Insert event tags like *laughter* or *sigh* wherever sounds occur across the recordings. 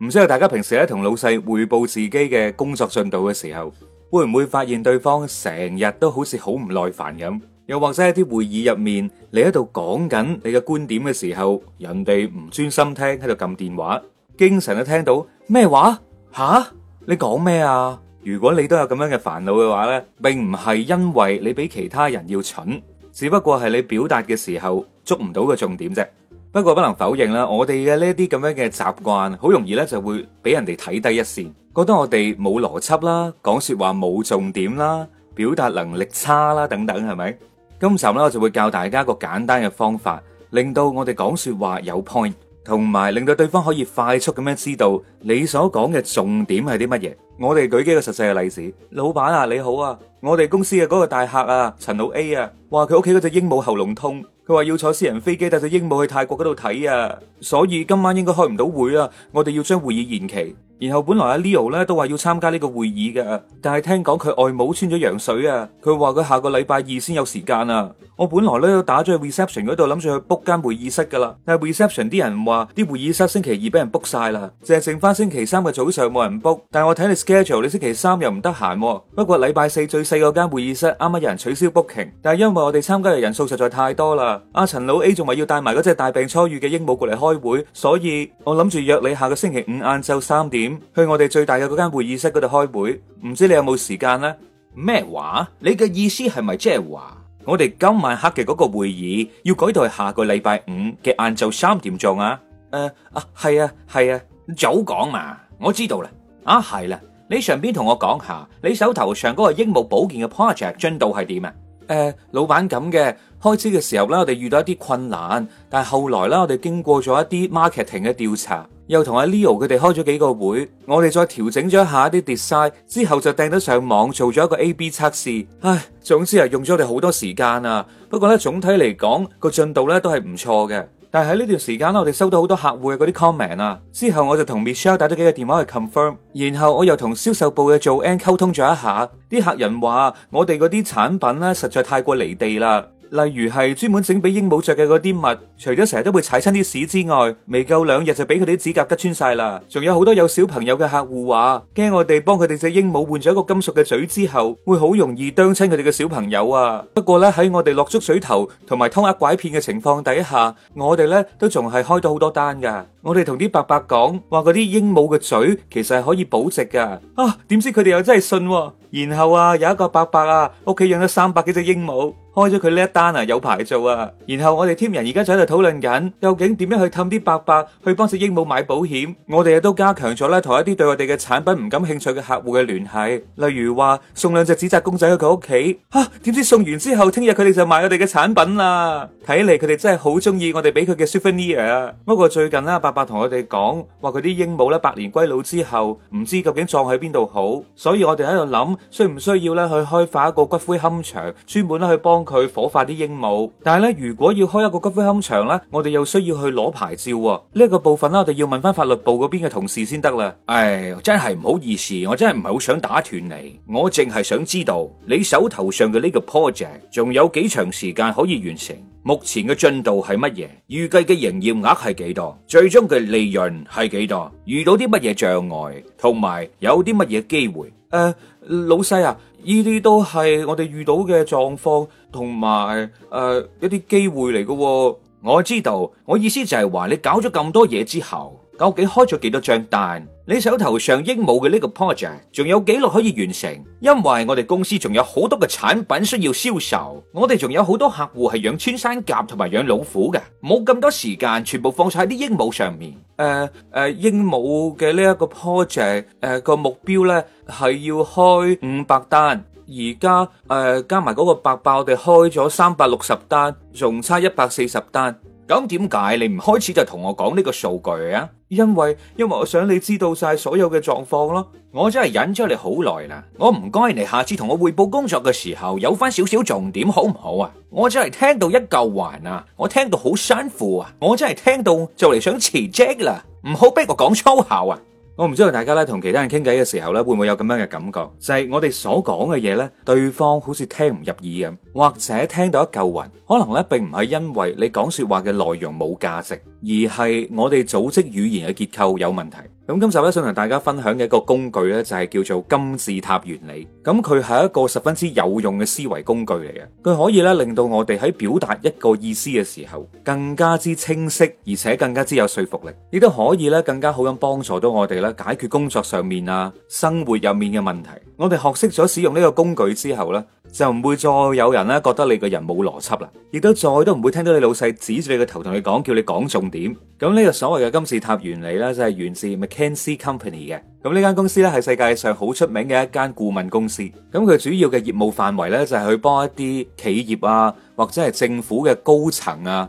唔知道大家平時咧同老細匯報自己嘅工作進度嘅時候，會唔會發現對方成日都好似好唔耐煩咁？又或者一啲會議入面，你喺度講緊你嘅觀點嘅時候，人哋唔專心聽，喺度撳電話，經常都聽到咩話？吓，你講咩啊？如果你都有咁樣嘅煩惱嘅話呢，並唔係因為你比其他人要蠢，只不過係你表達嘅時候捉唔到個重點啫。不過不能否認啦，我哋嘅呢啲咁樣嘅習慣，好容易呢就會俾人哋睇低一線，覺得我哋冇邏輯啦，講說話冇重點啦，表達能力差啦等等，係咪？今集呢，我就會教大家一個簡單嘅方法，令到我哋講說話有 point，同埋令到對方可以快速咁樣知道你所講嘅重點係啲乜嘢。我哋舉幾個實際嘅例子，老闆啊，你好啊，我哋公司嘅嗰個大客啊，陳老 A 啊，話佢屋企嗰隻鸚鵡喉嚨痛，佢話要坐私人飛機帶隻鸚鵡去泰國嗰度睇啊，所以今晚應該開唔到會啊，我哋要將會議延期。然後本來阿 Leo 咧都話要參加呢個會議嘅，但係聽講佢外母穿咗羊水啊，佢話佢下個禮拜二先有時間啊。我本來咧打咗去 reception 嗰度諗住去 book 間會議室噶啦，但係 reception 啲人話啲會議室星期二俾人 book 晒啦，淨係剩翻星期三嘅早上冇人 book，但係我睇你 schedule 你星期三又唔得閒，不過禮拜四最細嗰間會議室啱啱有人取消 booking，但係因為我哋參加嘅人數實在太多啦，阿、啊、陳老 A 仲話要帶埋嗰隻大病初愈嘅鸚鵡過嚟開會，所以我諗住約你下個星期五晏晝三點。去我哋最大嘅嗰間會議室嗰度開會，唔知你有冇時間呢？咩話？你嘅意思係咪即係話 *noise* 我哋今晚黑嘅嗰個會議要改到去下個禮拜五嘅晏晝三點鐘啊？誒、uh, uh, 啊，係啊係啊，早講嘛，我知道啦。啊係啦、啊，你上邊同我講下你手頭上嗰個鸚鵡保健嘅 project 進度係點啊？誒、呃、老闆咁嘅，開始嘅時候呢，我哋遇到一啲困難，但係後來呢，我哋經過咗一啲 marketing 嘅調查，又同阿 Leo 佢哋開咗幾個會，我哋再調整咗一下一啲 design，之後就掟咗上網做咗一個 A B 測試。唉，總之係，用咗我哋好多時間啊，不過呢，總體嚟講，個進度呢都係唔錯嘅。但係喺呢段時間咧，我哋收到好多客戶嘅嗰啲 comment 啊，之後我就同 Michelle 打咗幾個電話去 confirm，然後我又同銷售部嘅組員溝通咗一下，啲客人話我哋嗰啲產品咧實在太過離地啦。例如係專門整俾鸚鵡着嘅嗰啲物，除咗成日都會踩親啲屎之外，未夠兩日就俾佢哋啲指甲拮穿晒啦。仲有好多有小朋友嘅客戶話，驚我哋幫佢哋隻鸚鵡換咗一個金屬嘅嘴之後，會好容易啄親佢哋嘅小朋友啊。不過咧，喺我哋落足水頭同埋偷呃拐騙嘅情況底下，我哋咧都仲係開到好多單噶。我哋同啲伯伯講話嗰啲鸚鵡嘅嘴其實係可以保值噶啊，點知佢哋又真係信喎、啊。然後啊，有一個伯伯啊，屋企養咗三百幾隻鸚鵡，開咗佢呢一單啊，有排做啊。然後我哋 team 人而家就喺度討論緊，究竟點樣去氹啲伯伯去幫隻鸚鵡買保險。我哋亦都加強咗咧，同一啲對我哋嘅產品唔感興趣嘅客戶嘅聯繫，例如話送兩隻紙紮公仔去佢屋企，啊，點知送完之後，聽日佢哋就買我哋嘅產品啦。睇嚟佢哋真係好中意我哋俾佢嘅 souvenir 啊。不過最近啦、啊，伯伯同我哋講話佢啲鸚鵡咧百年歸老之後，唔知究竟葬喺邊度好，所以我哋喺度諗。需唔需要咧去開發一個骨灰龕場，專門咧去幫佢火化啲鸚鵡？但係咧，如果要開一個骨灰龕場咧，我哋又需要去攞牌照。呢個部分咧，我哋要問翻法律部嗰邊嘅同事先得啦。唉，真係唔好意思，我真係唔係好想打斷你，我淨係想知道你手頭上嘅呢個 project 仲有幾長時間可以完成？目前嘅進度係乜嘢？預計嘅營業額係幾多？最終嘅利潤係幾多？遇到啲乜嘢障礙？同埋有啲乜嘢機會？誒、呃，老細啊，呢啲都係我哋遇到嘅狀況，同埋誒一啲機會嚟嘅，啊。我知道，我意思就係話你搞咗咁多嘢之後，究竟開咗幾多張單？你手頭上鸚鵡嘅呢個 project 仲有幾耐可以完成？因為我哋公司仲有好多嘅產品需要銷售，我哋仲有好多客戶係養穿山甲同埋養老虎嘅，冇咁多時間全部放晒喺啲鸚鵡上面。誒誒、呃，鸚鵡嘅呢一個 project 誒個目標呢係要開五百單，而家誒加埋嗰個伯伯，我哋開咗三百六十單，仲差一百四十單。咁點解你唔開始就同我講呢個數據啊？因為因為我想你知道晒所有嘅狀況咯，我我我好好。我真係忍咗你好耐啦。我唔該你下次同我匯報工作嘅時候有翻少少重點好唔好啊？我真係聽到一嚿環啊，我聽到好辛苦啊，我真係聽到就嚟想辭職啦。唔好逼我講粗口啊！我唔知道大家咧同其他人傾偈嘅時候咧，會唔會有咁樣嘅感覺？就係我哋所講嘅嘢咧，對方好似聽唔入耳咁，或者聽到一嚿雲。可能咧，並唔係因為你講說話嘅內容冇價值，而係我哋組織語言嘅結構有問題。咁今集咧想同大家分享嘅一個工具咧就係叫做金字塔原理，咁佢係一個十分之有用嘅思維工具嚟嘅，佢可以咧令到我哋喺表達一個意思嘅時候更加之清晰，而且更加之有說服力，亦都可以咧更加好咁幫助到我哋咧解決工作上面啊生活入面嘅問題。我哋學識咗使用呢個工具之後咧，就唔會再有人咧覺得你個人冇邏輯啦，亦都再都唔會聽到你老細指住你個頭同你講叫你講重點。咁呢個所謂嘅金字塔原理咧就係源自咪？PNC Company 嘅，咁呢間公司咧係世界上好出名嘅一間顧問公司，咁佢主要嘅業務範圍咧就係去幫一啲企業啊，或者係政府嘅高層啊，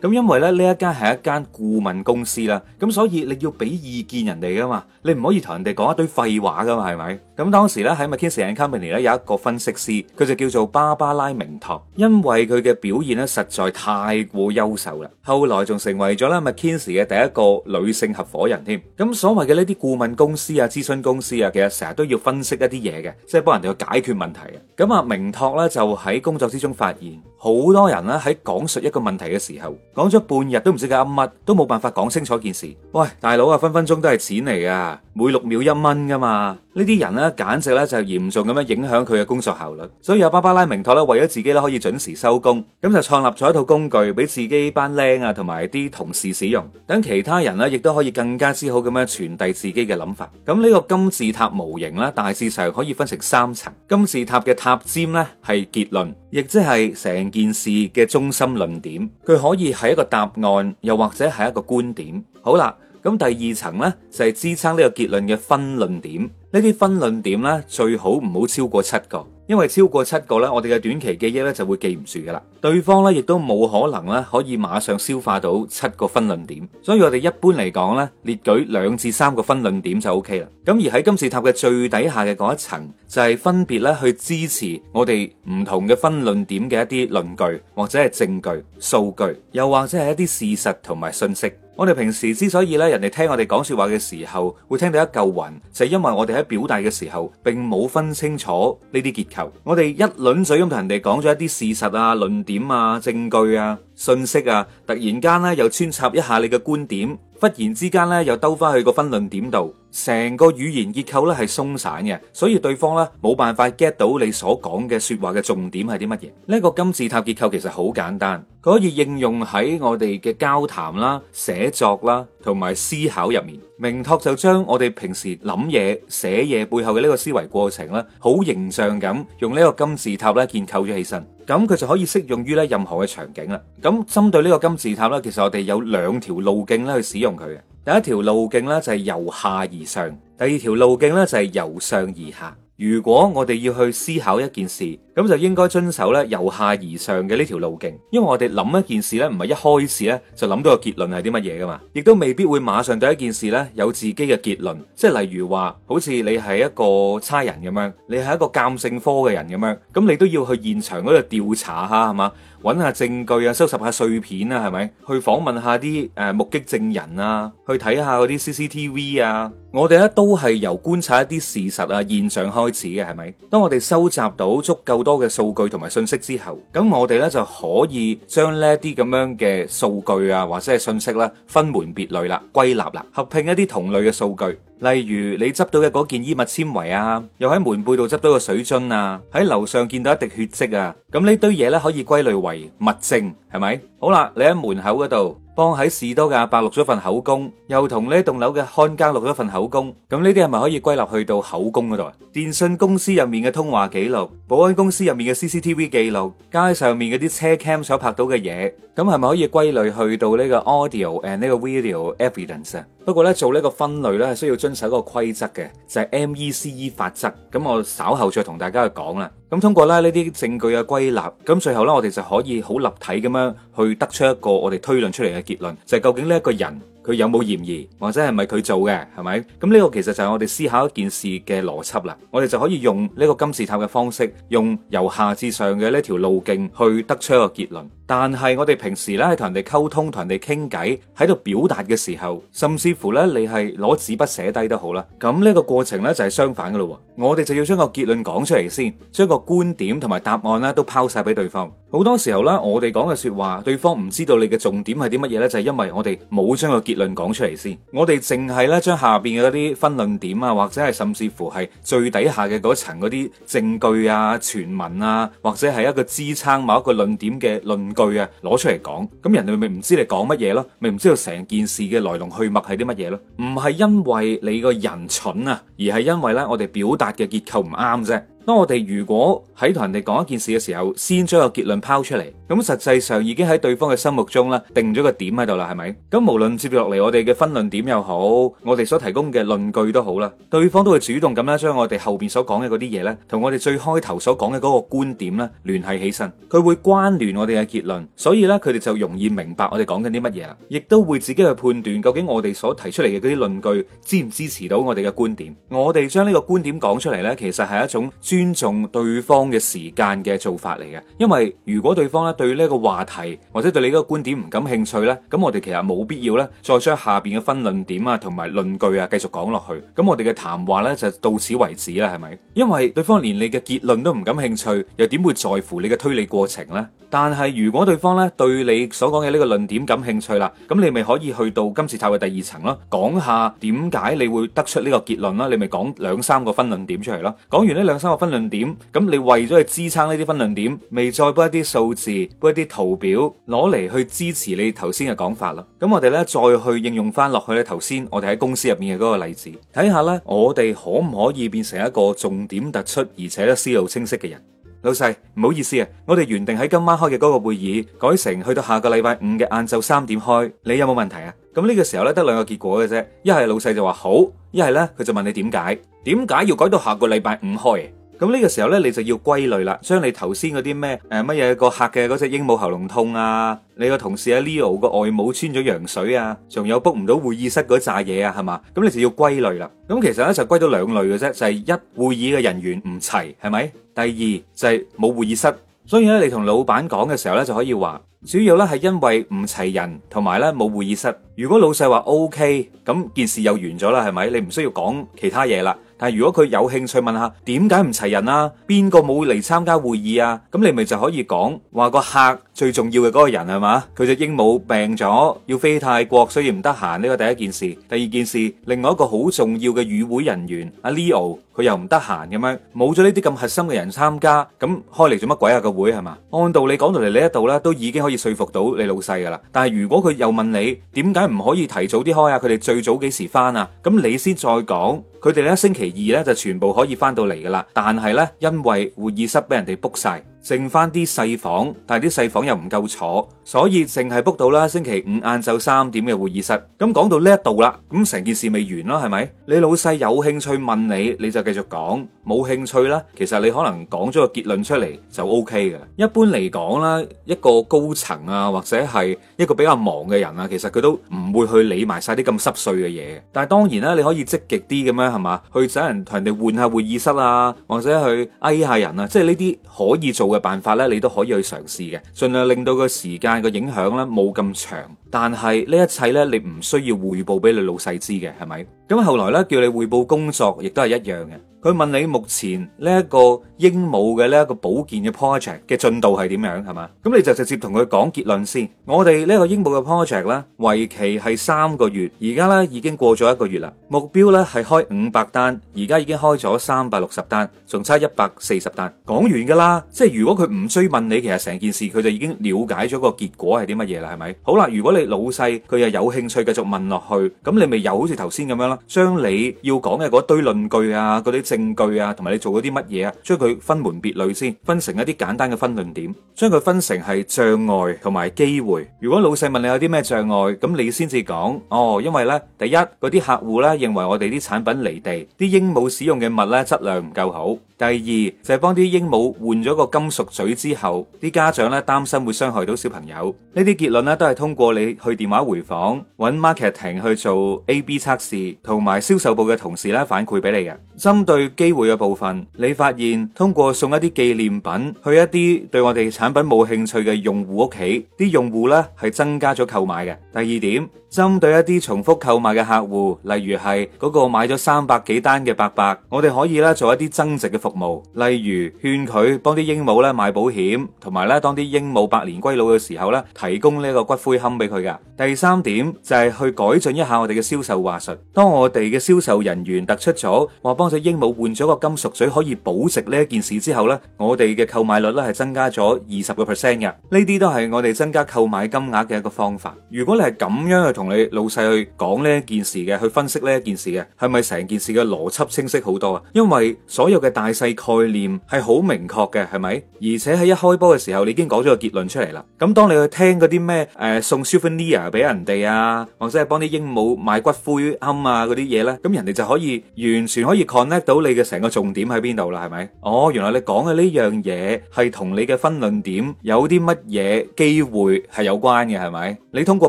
咁因為咧呢一間係一間顧問公司啦，咁所以你要俾意見人哋噶嘛，你唔可以同人哋講一堆廢話噶嘛，係咪？咁當時咧喺 McKinsey & Company 咧有一個分析師，佢就叫做芭芭拉明拓，因為佢嘅表現咧實在太過優秀啦，後來仲成為咗咧 McKinsey 嘅第一個女性合夥人添。咁所謂嘅呢啲顧問公司啊、諮詢公司啊，其實成日都要分析一啲嘢嘅，即係幫人哋去解決問題啊。咁阿明拓咧就喺工作之中發現，好多人咧喺講述一個問題嘅時候。講咗半日都唔知佢噏乜，都冇辦法講清楚件事。喂，大佬啊，分分鐘都係錢嚟噶，每六秒一蚊噶嘛。呢啲人咧，簡直咧就嚴重咁樣影響佢嘅工作效率。所以阿芭芭拉明托咧，為咗自己咧可以準時收工，咁就創立咗一套工具俾自己班僆啊同埋啲同事使用，等其他人咧亦都可以更加之好咁樣傳遞自己嘅諗法。咁呢個金字塔模型咧，大致上可以分成三層。金字塔嘅塔尖咧係結論，亦即係成件事嘅中心論點。佢可以係。一個答案，又或者係一個觀點。好啦。咁第二層呢，就係支撐呢個結論嘅分論點，呢啲分論點呢，最好唔好超過七個，因為超過七個呢，我哋嘅短期記憶呢就會記唔住噶啦。對方呢，亦都冇可能呢可以馬上消化到七個分論點，所以我哋一般嚟講呢，列舉兩至三個分論點就 OK 啦。咁而喺金字塔嘅最底下嘅嗰一層就係分別呢去支持我哋唔同嘅分論點嘅一啲論據或者係證據、數據，又或者係一啲事實同埋信息。我哋平時之所以咧，人哋聽我哋講說話嘅時候會聽到一嚿雲，就係因為我哋喺表達嘅時候並冇分清楚呢啲結構。我哋一輪嘴咁同人哋講咗一啲事實啊、論點啊、證據啊、信息啊，突然間咧又穿插一下你嘅觀點。忽然之間咧，又兜翻去個分論點度，成個語言結構咧係鬆散嘅，所以對方咧冇辦法 get 到你所講嘅說話嘅重點係啲乜嘢？呢個金字塔結構其實好簡單，佢可以應用喺我哋嘅交談啦、寫作啦同埋思考入面。明托就將我哋平時諗嘢、寫嘢背後嘅呢個思維過程啦，好形象咁用呢個金字塔咧建構咗起身，咁佢就可以適用於咧任何嘅場景啦。咁針對呢個金字塔咧，其實我哋有兩條路徑咧去使用佢嘅，第一條路徑咧就係由下而上，第二條路徑咧就係由上而下。如果我哋要去思考一件事，咁就應該遵守咧由下而上嘅呢條路徑，因為我哋諗一件事咧，唔係一開始咧就諗到個結論係啲乜嘢噶嘛，亦都未必會馬上對一件事咧有自己嘅結論，即係例如話，好似你係一個差人咁樣，你係一個鑒證科嘅人咁樣，咁你都要去現場嗰度調查下，係嘛？揾下證據啊，收拾下碎片啊，係咪？去訪問下啲誒、呃、目擊證人啊，去睇下嗰啲 CCTV 啊，我哋呢都係由觀察一啲事實啊現象開始嘅，係咪？當我哋收集到足夠多嘅數據同埋信息之後，咁我哋呢就可以將呢啲咁樣嘅數據啊或者係信息啦分門別類啦，歸納啦，合併一啲同類嘅數據。例如你執到嘅嗰件衣物纖維啊，又喺門背度執到個水樽啊，喺樓上見到一滴血跡啊，咁呢堆嘢呢，可以歸類為物證，係咪？好啦，你喺門口嗰度幫喺士多嘅阿伯錄咗份口供，又同呢棟樓嘅看更錄咗份口供，咁呢啲係咪可以歸納去到口供嗰度？電信公司入面嘅通話記錄，保安公司入面嘅 CCTV 記錄，街上面嗰啲車 cam 所拍到嘅嘢，咁係咪可以歸類去到呢個 audio and 呢個 video evidence 啊？不過呢，做呢個分類呢係需要遵守一個規則嘅，就係 MECE 法則，咁我稍後再同大家去講啦。咁通過咧呢啲證據嘅歸納，咁最後呢，我哋就可以好立體咁樣去得出一個我哋推論出嚟嘅結論，就係、是、究竟呢一個人，佢有冇嫌疑，或者係咪佢做嘅，係咪？咁呢個其實就係我哋思考一件事嘅邏輯啦。我哋就可以用呢個金字塔嘅方式，用由下至上嘅呢條路徑去得出一個結論。但係我哋平時咧喺同人哋溝通、同人哋傾偈、喺度表達嘅時候，甚至乎咧你係攞紙筆寫低都好啦。咁呢個過程咧就係相反噶咯。我哋就要將個結論講出嚟先，將個觀點同埋答案咧都拋晒俾對方。好多時候咧，我哋講嘅說話，對方唔知道你嘅重點係啲乜嘢呢，就係因為我哋冇將個結論講出嚟先，我哋淨係呢將下邊嘅一啲分論點啊，或者係甚至乎係最底下嘅嗰層嗰啲證據啊、傳聞啊，或者係一個支撐某一個論點嘅論據啊，攞出嚟講，咁人哋咪唔知你講乜嘢咯，咪唔知道成件事嘅來龍去脈係啲乜嘢咯，唔係因為你個人蠢啊，而係因為呢我哋表達嘅結構唔啱啫。當我哋如果喺同人哋講一件事嘅時候，先將個結論拋出嚟，咁實際上已經喺對方嘅心目中咧定咗個點喺度啦，係咪？咁無論接落嚟我哋嘅分論點又好，我哋所提供嘅論據都好啦，對方都會主動咁樣，將我哋後邊所講嘅嗰啲嘢咧，同我哋最開頭所講嘅嗰個觀點咧聯繫起身，佢會關聯我哋嘅結論，所以咧佢哋就容易明白我哋講緊啲乜嘢啦，亦都會自己去判斷究竟我哋所提出嚟嘅嗰啲論據支唔支持到我哋嘅觀點。我哋將呢個觀點講出嚟咧，其實係一種尊重對方嘅時間嘅做法嚟嘅，因為如果對方咧對呢個話題或者對你呢個觀點唔感興趣呢，咁我哋其實冇必要咧再將下邊嘅分論點啊同埋論據啊繼續講落去，咁我哋嘅談話呢，就到此為止啦，係咪？因為對方連你嘅結論都唔感興趣，又點會在乎你嘅推理過程呢？但係如果對方咧對你所講嘅呢個論點感興趣啦，咁你咪可以去到金字塔嘅第二層啦，講下點解你會得出呢個結論啦？你咪講兩三個分論點出嚟咯，講完呢兩三個分。論點咁，你為咗去支撐呢啲分論點，未再報一啲數字，報一啲圖表，攞嚟去支持你頭先嘅講法啦。咁我哋呢，再去應用翻落去咧，頭先我哋喺公司入面嘅嗰個例子，睇下呢，我哋可唔可以變成一個重點突出，而且咧思路清晰嘅人。老細，唔好意思啊，我哋原定喺今晚開嘅嗰個會議，改成去到下個禮拜五嘅晏晝三點開，你有冇問題啊？咁呢個時候呢，得兩個結果嘅啫，一係老細就話好，一係呢，佢就問你點解？點解要改到下個禮拜五開？咁呢個時候呢，你就要歸類啦，將你頭先嗰啲咩誒乜嘢個客嘅嗰隻鸚鵡喉嚨痛啊，你個同事阿、啊、Leo 個外母穿咗羊水啊，仲有 book 唔到會議室嗰扎嘢啊，係嘛？咁你就要歸類啦。咁其實呢，就歸到兩類嘅啫，就係、是、一會議嘅人員唔齊，係咪？第二就係、是、冇會議室。所以呢，你同老闆講嘅時候呢，就可以話主要呢，係因為唔齊人同埋呢冇會議室。如果老細話 OK，咁件事又完咗啦，係咪？你唔需要講其他嘢啦。但係如果佢有興趣問下點解唔齊人啊？邊個冇嚟參加會議啊？咁你咪就可以講話個客最重要嘅嗰個人係嘛？佢隻鸚鵡病咗要飛泰國，所以唔得閒。呢個第一件事。第二件事，另外一個好重要嘅與會人員阿 Leo 佢又唔得閒咁樣，冇咗呢啲咁核心嘅人參加，咁開嚟做乜鬼啊個會係嘛？按道理講到嚟呢一度呢，都已經可以說服到你老細㗎喇。但係如果佢又問你點解唔可以提早啲開啊？佢哋最早幾時返啊？咁你先再講佢哋呢星期。二咧就全部可以翻到嚟噶啦，但係咧因為會議室俾人哋 book 晒。剩翻啲細房，但係啲細房又唔夠坐，所以淨係 book 到啦。星期五晏晝三點嘅會議室。咁講到呢一度啦，咁成件事未完咯？係咪？你老細有興趣問你，你就繼續講；冇興趣啦，其實你可能講咗個結論出嚟就 O K 㗎喇。一般嚟講啦，一個高層啊，或者係一個比較忙嘅人啊，其實佢都唔會去理埋晒啲咁濕碎嘅嘢。但係當然啦，你可以積極啲咁樣係嘛，去請人同人哋換下會議室啊，或者去嗌下人啊，即係呢啲可以做嘅。辦法咧，你都可以去嘗試嘅，盡量令到個時間嘅影響咧，冇咁長。但係呢一切咧，你唔需要匯報俾你老細知嘅，係咪？咁後來咧，叫你匯報工作，亦都係一樣嘅。佢問你目前呢一個鸚鵡嘅呢一個保健嘅 project 嘅進度係點樣係嘛？咁你就直接同佢講結論先。我哋呢個鸚鵡嘅 project 咧，為期係三個月，而家咧已經過咗一個月啦。目標咧係開五百單，而家已經開咗三百六十單，仲差一百四十單。講完㗎啦，即係如果佢唔追問你，其實成件事佢就已經了解咗個結果係啲乜嘢啦，係咪？好啦，如果你老細佢又有興趣繼續問落去，咁你咪又好似頭先咁樣啦，將你要講嘅嗰堆論據啊，嗰啲證據啊，同埋你做咗啲乜嘢啊，將佢分門別類先，分成一啲簡單嘅分論點，將佢分成係障礙同埋機會。如果老細問你有啲咩障礙，咁你先至講哦。因為咧，第一嗰啲客戶咧認為我哋啲產品離地，啲鸚鵡使用嘅物咧質量唔夠好。第二就係幫啲鸚鵡換咗個金屬嘴之後，啲家長咧擔心會傷害到小朋友。呢啲結論咧都係通過你去電話回訪，搵 Marketing 去做 AB 測試，同埋銷售部嘅同事咧反饋俾你嘅。針對去機會嘅部分，你發現通過送一啲紀念品去一啲對我哋產品冇興趣嘅用戶屋企，啲用戶咧，係增加咗購買嘅。第二點，針對一啲重複購買嘅客戶，例如係嗰個買咗三百幾單嘅伯伯，我哋可以咧做一啲增值嘅服務，例如勸佢幫啲鸚鵡咧買保險，同埋咧當啲鸚鵡百年歸老嘅時候咧提供呢個骨灰龕俾佢噶。第三點就係、是、去改進一下我哋嘅銷售話術，當我哋嘅銷售人員突出咗話幫隻鸚鵡。換咗個金屬水可以保值呢一件事之後咧，我哋嘅購買率咧係增加咗二十個 percent 嘅。呢啲都係我哋增加購買金額嘅一個方法。如果你係咁樣去同你老細去講呢一件事嘅，去分析呢一件事嘅，係咪成件事嘅邏輯清晰好多啊？因為所有嘅大細概念係好明確嘅，係咪？而且喺一開波嘅時候，你已經講咗個結論出嚟啦。咁當你去聽嗰啲咩誒送 souvenir 俾人哋啊，或者係幫啲鸚鵡買骨灰龕啊嗰啲嘢咧，咁人哋就可以完全可以 connect 到。你嘅成個重點喺邊度啦？係咪？哦，原來你講嘅呢樣嘢係同你嘅分論點有啲乜嘢機會係有關嘅？係咪？你通過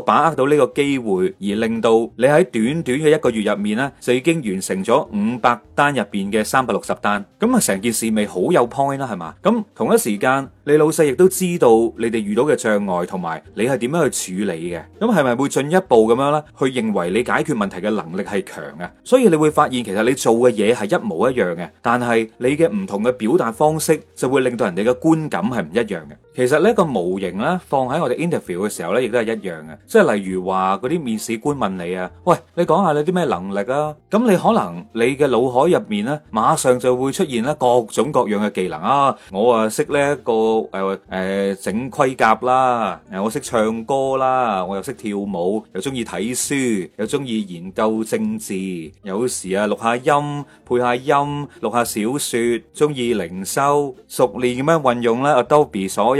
把握到呢個機會，而令到你喺短短嘅一個月入面咧，就已經完成咗五百單入邊嘅三百六十單。咁啊，成件事咪好有，有 point 啦？係嘛？咁同一時間。你老細亦都知道你哋遇到嘅障礙，同埋你係點樣去處理嘅？咁係咪會進一步咁樣咧？去認為你解決問題嘅能力係強嘅？所以你會發現，其實你做嘅嘢係一模一樣嘅，但係你嘅唔同嘅表達方式就會令到人哋嘅觀感係唔一樣嘅。其實呢一個模型呢，放喺我哋 interview 嘅時候呢，亦都係一樣嘅。即係例如話嗰啲面試官問你啊，喂，你講下你啲咩能力啊？咁你可能你嘅腦海入面呢，馬上就會出現呢各種各樣嘅技能啊！我啊識呢一個誒誒整盔甲啦，我識唱歌啦，我又識跳舞，又中意睇書，又中意研究政治，有時啊錄下音配下音，錄下小説，中意靈修，熟練咁樣運用呢 Adobe 所。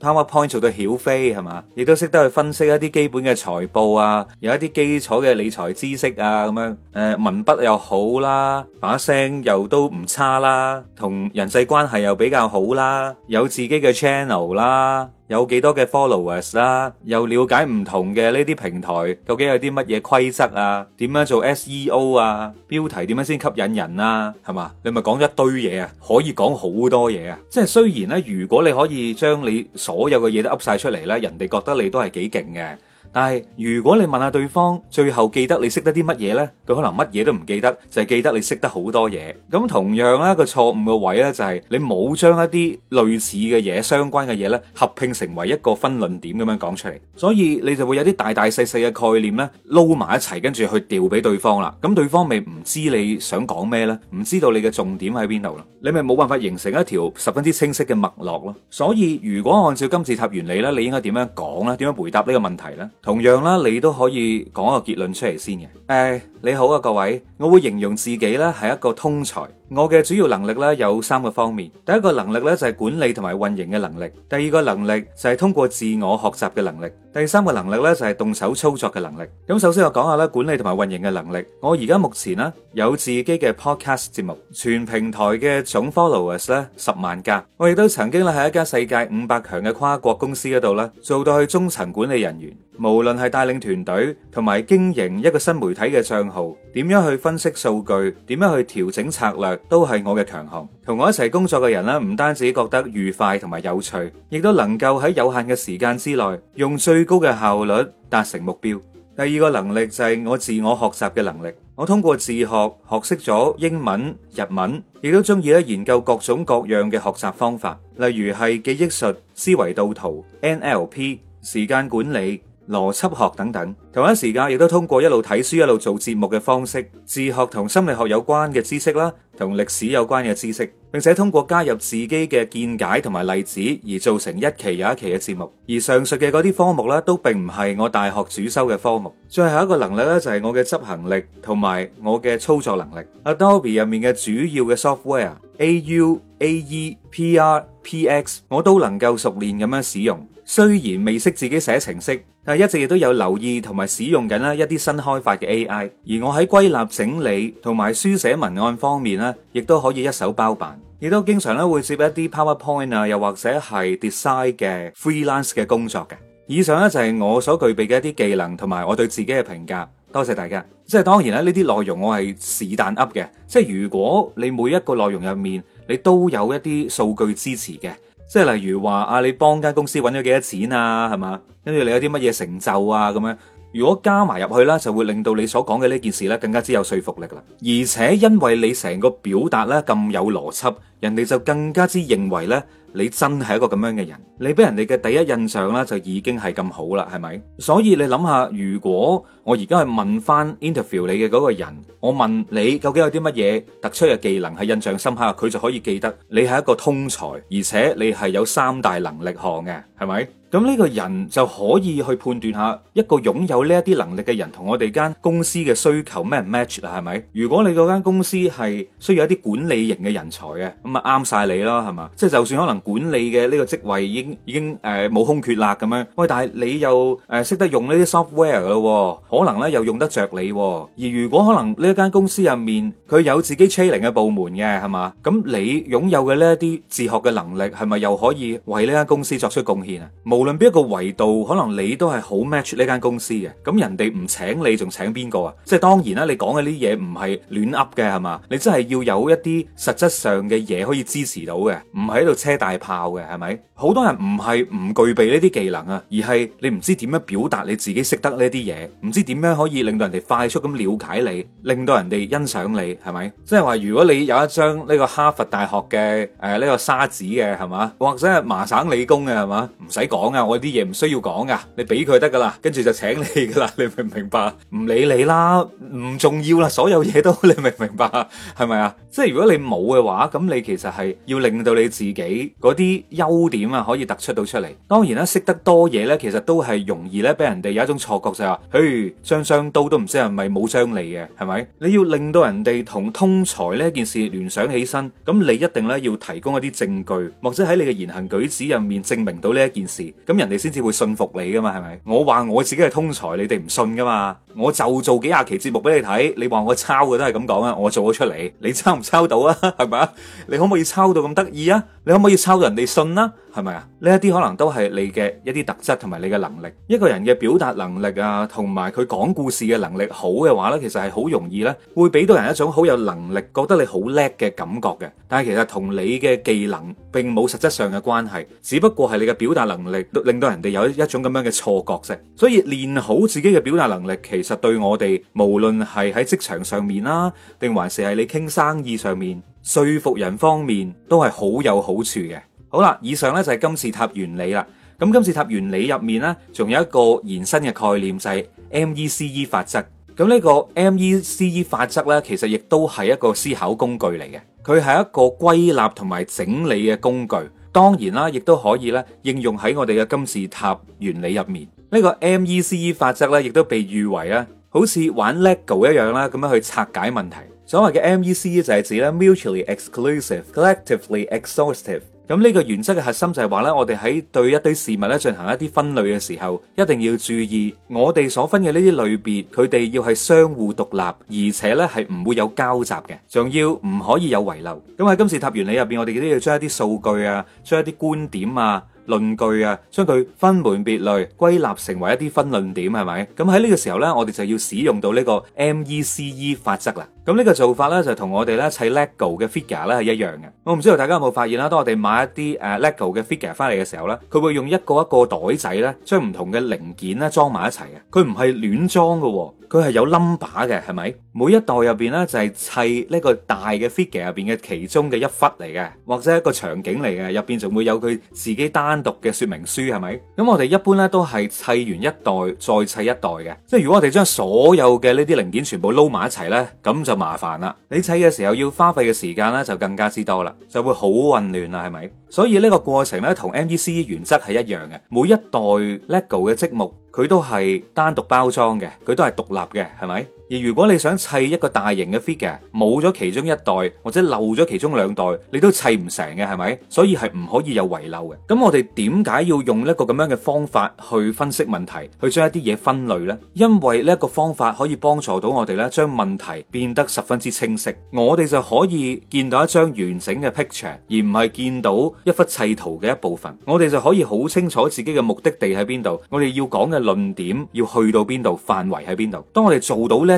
PowerPoint 做到曉飛係嘛？亦都識得去分析一啲基本嘅財報啊，有一啲基礎嘅理財知識啊咁樣。誒、呃、文筆又好啦、啊，把聲又都唔差啦、啊，同人際關係又比較好啦、啊，有自己嘅 channel 啦，有幾多嘅 followers 啦、啊，又了解唔同嘅呢啲平台究竟有啲乜嘢規則啊？點樣做 SEO 啊？標題點樣先吸引人啊？係嘛？你咪講一堆嘢啊，可以講好多嘢啊！即係雖然呢，如果你可以將你。所有嘅嘢都 up 晒出嚟咧，人哋覺得你都係幾勁嘅。但係如果你問下對方，最後記得你識得啲乜嘢呢？佢可能乜嘢都唔記得，就係、是、記得你識得好多嘢。咁同樣一、這個錯誤嘅位呢、就是，就係你冇將一啲類似嘅嘢、相關嘅嘢呢，合併成為一個分論點咁樣講出嚟。所以你就會有啲大大細細嘅概念呢，撈埋一齊，跟住去調俾對方啦。咁對方咪唔知你想講咩呢？唔知道你嘅重點喺邊度啦。你咪冇辦法形成一條十分之清晰嘅脈絡咯。所以如果按照金字塔原理呢，你應該點樣講呢？點樣回答呢個問題呢？同樣啦，你都可以講個結論出嚟先嘅。誒、哎，你好啊，各位，我會形容自己咧係一個通才。我嘅主要能力咧有三個方面，第一個能力咧就係管理同埋運營嘅能力，第二個能力就係通過自我學習嘅能力，第三個能力咧就係動手操作嘅能力。咁首先我講下咧管理同埋運營嘅能力，我而家目前呢，有自己嘅 podcast 節目，全平台嘅總 followers 咧十萬加。我亦都曾經咧喺一家世界五百強嘅跨國公司嗰度咧做到去中層管理人員，無論係帶領團隊同埋經營一個新媒體嘅賬號，點樣去分析數據？點樣去調整策略？都係我嘅強項。同我一齊工作嘅人咧，唔單止覺得愉快同埋有趣，亦都能夠喺有限嘅時間之內，用最高嘅效率達成目標。第二個能力就係我自我學習嘅能力。我通過自學學識咗英文、日文，亦都中意咧研究各種各樣嘅學習方法，例如係記憶術、思維導圖、NLP、時間管理。邏輯學等等，同一時間亦都通過一路睇書一路做節目嘅方式自學同心理學有關嘅知識啦，同歷史有關嘅知識，並且通過加入自己嘅見解同埋例子而做成一期又一期嘅節目。而上述嘅嗰啲科目咧，都並唔係我大學主修嘅科目。最後一個能力咧就係、是、我嘅執行力同埋我嘅操作能力。Adobe 入面嘅主要嘅 software A U A E P R P X，我都能夠熟練咁樣使用，雖然未識自己寫程式。但一直亦都有留意同埋使用緊啦一啲新開發嘅 AI，而我喺歸納整理同埋書寫文案方面咧，亦都可以一手包辦，亦都經常咧會接一啲 PowerPoint 啊，又或者係 design 嘅 freelance 嘅工作嘅。以上咧就係我所具備嘅一啲技能同埋我對自己嘅評價。多謝大家。即係當然咧，呢啲內容我係是但噏嘅，即係如果你每一個內容入面你都有一啲數據支持嘅。即係例如話啊，你幫間公司搵咗幾多錢啊，係嘛？跟住你有啲乜嘢成就啊？咁樣如果加埋入去咧，就會令到你所講嘅呢件事呢更加之有說服力啦。而且因為你成個表達呢咁有邏輯，人哋就更加之認為呢，你真係一個咁樣嘅人，你俾人哋嘅第一印象呢，就已經係咁好啦，係咪？所以你諗下，如果。我而家去問翻 interview 你嘅嗰個人，我問你究竟有啲乜嘢突出嘅技能係印象深刻，佢就可以記得你係一個通才，而且你係有三大能力項嘅，係咪？咁呢個人就可以去判斷下一個擁有呢一啲能力嘅人同我哋間公司嘅需求咩 match 啦，係咪？如果你嗰間公司係需要一啲管理型嘅人才嘅，咁啊啱晒你啦，係嘛？即係就算可能管理嘅呢個職位已經已經誒冇、呃、空缺啦咁樣，喂，但係你又誒識、呃、得用呢啲 software 咯、哦。可能咧又用得着你，而如果可能呢一間公司入面佢有自己 training 嘅部門嘅係嘛，咁你擁有嘅呢一啲自學嘅能力係咪又可以為呢間公司作出貢獻啊？無論邊一個維度，可能你都係好 match 呢間公司嘅，咁人哋唔請你仲請邊個啊？即係當然啦，你講嘅呢啲嘢唔係亂噏嘅係嘛，你真係要有一啲實質上嘅嘢可以支持到嘅，唔係喺度車大炮嘅係咪？好多人唔係唔具備呢啲技能啊，而係你唔知點樣表達你自己識得呢啲嘢，唔知。點樣可以令到人哋快速咁了解你，令到人哋欣賞你，係咪？即係話如果你有一張呢個哈佛大學嘅誒呢個沙紙嘅係嘛，或者係麻省理工嘅係嘛，唔使講啊，我啲嘢唔需要講噶，你俾佢得噶啦，跟住就請你噶啦，你明唔明白？唔理你啦，唔重要啦，所有嘢都你明唔明白？係咪啊？即係如果你冇嘅話，咁你其實係要令到你自己嗰啲優點啊可以突出到出嚟。當然啦，識得多嘢呢，其實都係容易呢，俾人哋有一種錯覺就話，嘿。張張刀都唔知係咪冇商利嘅，係咪？你要令到人哋同通才呢件事聯想起身，咁你一定咧要提供一啲證據，或者喺你嘅言行舉止入面證明到呢一件事，咁人哋先至會信服你噶嘛？係咪？我話我自己係通才，你哋唔信噶嘛？我就做幾廿期節目俾你睇，你話我抄嘅都係咁講啊，我做咗出嚟，你抄唔抄到啊？係咪啊？你可唔可以抄到咁得意啊？你可唔可以抄到人哋信啊？係咪啊？呢一啲可能都係你嘅一啲特質同埋你嘅能力。一個人嘅表達能力啊，同埋佢講故事嘅能力好嘅話呢，其實係好容易咧，會俾到人一種好有能力，覺得你好叻嘅感覺嘅。但係其實同你嘅技能並冇實質上嘅關係，只不過係你嘅表達能力令到人哋有一種咁樣嘅錯覺啫。所以練好自己嘅表達能力，其實對我哋無論係喺職場上面啦，定還是係你傾生意上面說服人方面，都係好有好處嘅。好啦，以上咧就係金字塔原理啦。咁金字塔原理入面咧，仲有一個延伸嘅概念，就係、是、MECE 法則。咁呢個 MECE 法則咧，其實亦都係一個思考工具嚟嘅。佢係一個歸納同埋整理嘅工具。當然啦，亦都可以咧應用喺我哋嘅金字塔原理入面。呢、這個 MECE 法則咧，亦都被譽為咧，好似玩 LEGO 一樣啦，咁樣去拆解問題。所謂嘅 MECE 就係指咧 mutually exclusive, collectively exhaustive。咁呢個原則嘅核心就係話咧，我哋喺對一堆事物咧進行一啲分類嘅時候，一定要注意我哋所分嘅呢啲類別，佢哋要係相互獨立，而且咧係唔會有交集嘅，仲要唔可以有遺漏。咁喺金字塔原理入邊，我哋都要將一啲數據啊，將一啲觀點啊、論據啊，將佢分門別類、歸納成為一啲分論點，係咪？咁喺呢個時候咧，我哋就要使用到呢個 MECE 法則啦。咁呢個做法咧就同我哋咧砌 LEGO 嘅 figure 咧係一樣嘅。我唔知道大家有冇發現啦，當我哋買一啲誒 LEGO 嘅 figure 翻嚟嘅時候咧，佢會用一個一個袋仔咧將唔同嘅零件咧裝埋一齊嘅。佢唔係亂裝嘅，佢係有 number 嘅，係咪？每一袋入邊咧就係砌呢個大嘅 figure 入邊嘅其中嘅一忽嚟嘅，或者一個場景嚟嘅。入邊就會有佢自己單獨嘅說明書，係咪？咁我哋一般咧都係砌完一袋再砌一袋嘅。即係如果我哋將所有嘅呢啲零件全部撈埋一齊咧，咁就麻煩啦，你砌嘅時候要花費嘅時間咧就更加之多啦，就會好混亂啦，係咪？所以呢個過程咧同 M E C 原則係一樣嘅，每一代 LEGO 嘅積木佢都係單獨包裝嘅，佢都係獨立嘅，係咪？而如果你想砌一個大型嘅 figure，冇咗其中一代或者漏咗其中兩代，你都砌唔成嘅，係咪？所以係唔可以有遺漏嘅。咁我哋點解要用一個咁樣嘅方法去分析問題，去將一啲嘢分類呢？因為呢個方法可以幫助到我哋咧，將問題變得十分之清晰。我哋就可以見到一張完整嘅 picture，而唔係見到一幅砌圖嘅一部分。我哋就可以好清楚自己嘅目的地喺邊度，我哋要講嘅論點要去到邊度，範圍喺邊度。當我哋做到呢。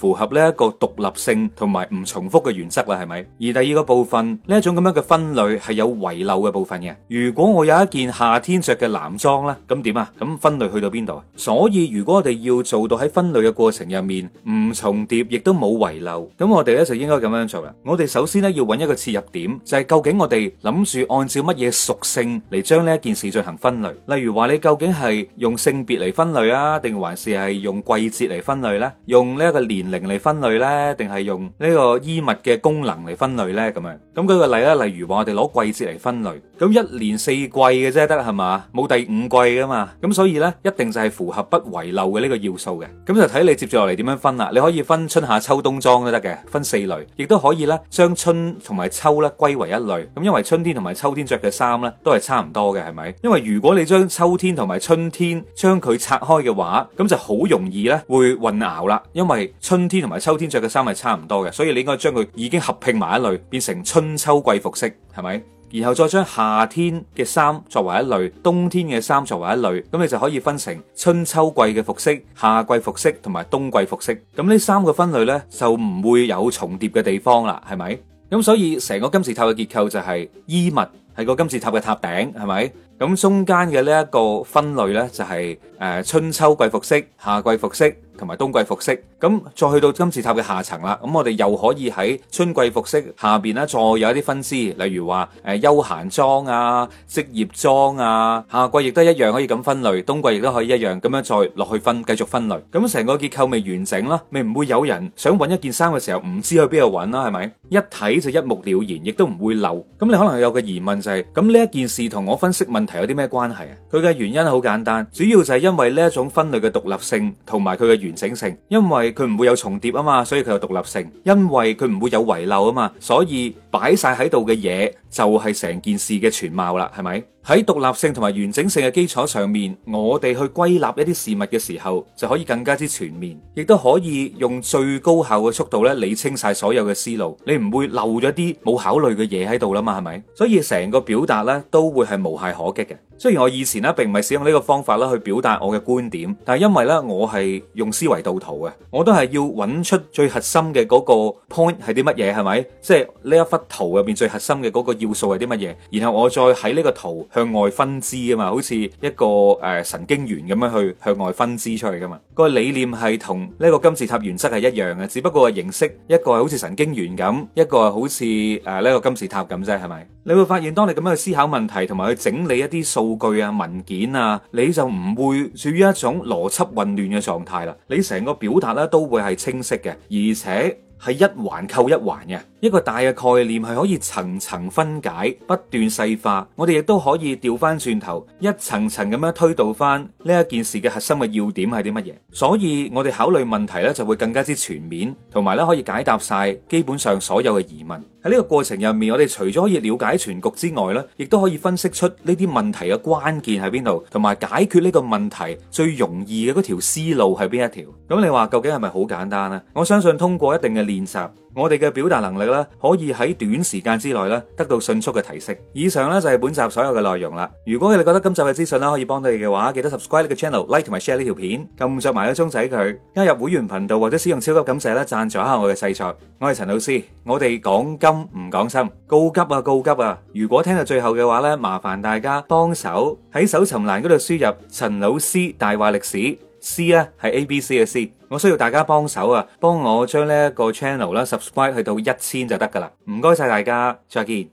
符合呢一個獨立性同埋唔重複嘅原則啦，係咪？而第二個部分呢一種咁樣嘅分類係有遺漏嘅部分嘅。如果我有一件夏天着嘅男裝咧，咁點啊？咁分類去到邊度啊？所以如果我哋要做到喺分類嘅過程入面唔重疊，亦都冇遺漏，咁我哋咧就應該咁樣做啦。我哋首先咧要揾一個切入點，就係究竟我哋諗住按照乜嘢屬性嚟將呢一件事進行分類？例如話你究竟係用性別嚟分類啊，定還是係用季節嚟分類咧？用呢一個年。零嚟分類呢，定係用呢個衣物嘅功能嚟分類呢？咁樣咁舉個例啦，例如話我哋攞季節嚟分類，咁一年四季嘅啫得係嘛，冇第五季噶嘛，咁所以呢一定就係符合不遺漏嘅呢個要素嘅，咁就睇你接住落嚟點樣分啦。你可以分春夏秋冬裝都得嘅，分四類，亦都可以呢將春同埋秋呢歸為一類，咁因為春天同埋秋天着嘅衫呢都係差唔多嘅，係咪？因為如果你將秋天同埋春天將佢拆開嘅話，咁就好容易呢會混淆啦，因為春。春天同埋秋天着嘅衫係差唔多嘅，所以你應該將佢已經合併埋一類，變成春秋季服飾，係咪？然後再將夏天嘅衫作為一類，冬天嘅衫作為一類，咁你就可以分成春秋季嘅服飾、夏季服飾同埋冬季服飾。咁呢三個分類呢，就唔會有重疊嘅地方啦，係咪？咁所以成個金字塔嘅結構就係衣物係個金字塔嘅塔頂，係咪？咁中間嘅呢一個分類呢，就係、係、誒春秋季服飾、夏季服飾，同埋冬季服飾，咁再去到金字塔嘅下層啦，咁我哋又可以喺春季服飾下邊咧，再有一啲分支，例如話誒休閒裝啊、職業裝啊，夏季亦都一樣可以咁分類，冬季亦都可以一樣咁樣再落去分，繼續分類，咁成個結構咪完整啦，咪唔會有人想揾一件衫嘅時候唔知去邊度揾啦，係咪？一睇就一目了然，亦都唔會漏。咁你可能有個疑問就係，咁呢一件事同我分析問題有啲咩關係啊？佢嘅原因好簡單，主要就係因為呢一種分類嘅獨立性同埋佢嘅原完整性，因為佢唔會有重疊啊嘛，所以佢有獨立性；因為佢唔會有遺漏啊嘛，所以擺晒喺度嘅嘢就係成件事嘅全貌啦，係咪？喺獨立性同埋完整性嘅基礎上面，我哋去歸納一啲事物嘅時候，就可以更加之全面，亦都可以用最高效嘅速度咧理清晒所有嘅思路，你唔會漏咗啲冇考慮嘅嘢喺度啦嘛，係咪？所以成個表達呢，都會係無懈可擊嘅。雖然我以前呢，並唔係使用呢個方法啦去表達我嘅觀點，但係因為呢，我係用思維導圖嘅，我都係要揾出最核心嘅嗰個 point 係啲乜嘢，係咪？即係呢一幅圖入邊最核心嘅嗰個要素係啲乜嘢，然後我再喺呢個圖。向外分支啊嘛，好似一個誒、呃、神經元咁樣去向外分支出嚟噶嘛。個理念係同呢個金字塔原則係一樣嘅，只不過係形式一個係好似神經元咁，一個係好似誒呢個金字塔咁啫，係咪？你會發現當你咁樣去思考問題，同埋去整理一啲數據啊、文件啊，你就唔會處於一種邏輯混亂嘅狀態啦。你成個表達咧都會係清晰嘅，而且係一環扣一環嘅。一個大嘅概念係可以層層分解、不斷細化，我哋亦都可以調翻轉頭，一層層咁樣推導翻呢一件事嘅核心嘅要點係啲乜嘢。所以我哋考慮問題咧就會更加之全面，同埋咧可以解答晒基本上所有嘅疑問。喺呢個過程入面，我哋除咗可以了解全局之外咧，亦都可以分析出呢啲問題嘅關鍵喺邊度，同埋解決呢個問題最容易嘅嗰條思路係邊一條。咁你話究竟係咪好簡單呢？我相信通過一定嘅練習。我哋嘅表達能力咧，可以喺短時間之內咧，得到迅速嘅提升。以上咧就係本集所有嘅內容啦。如果你哋覺得今集嘅資訊咧可以幫到你嘅話，記得 subscribe 呢個 channel、like 同埋 share 呢條片，撳着埋個鐘仔佢，加入會員頻道或者使用超級感謝咧，贊助一下我嘅製作。我係陳老師，我哋講金唔講心，告急啊告急啊！如果聽到最後嘅話咧，麻煩大家幫手喺搜尋欄嗰度輸入陳老師大話歷史。C 咧係 A B C 嘅 C，我需要大家幫手啊，幫我將呢一個 channel 啦 subscribe 去到一千就得㗎喇，唔該晒大家，再見。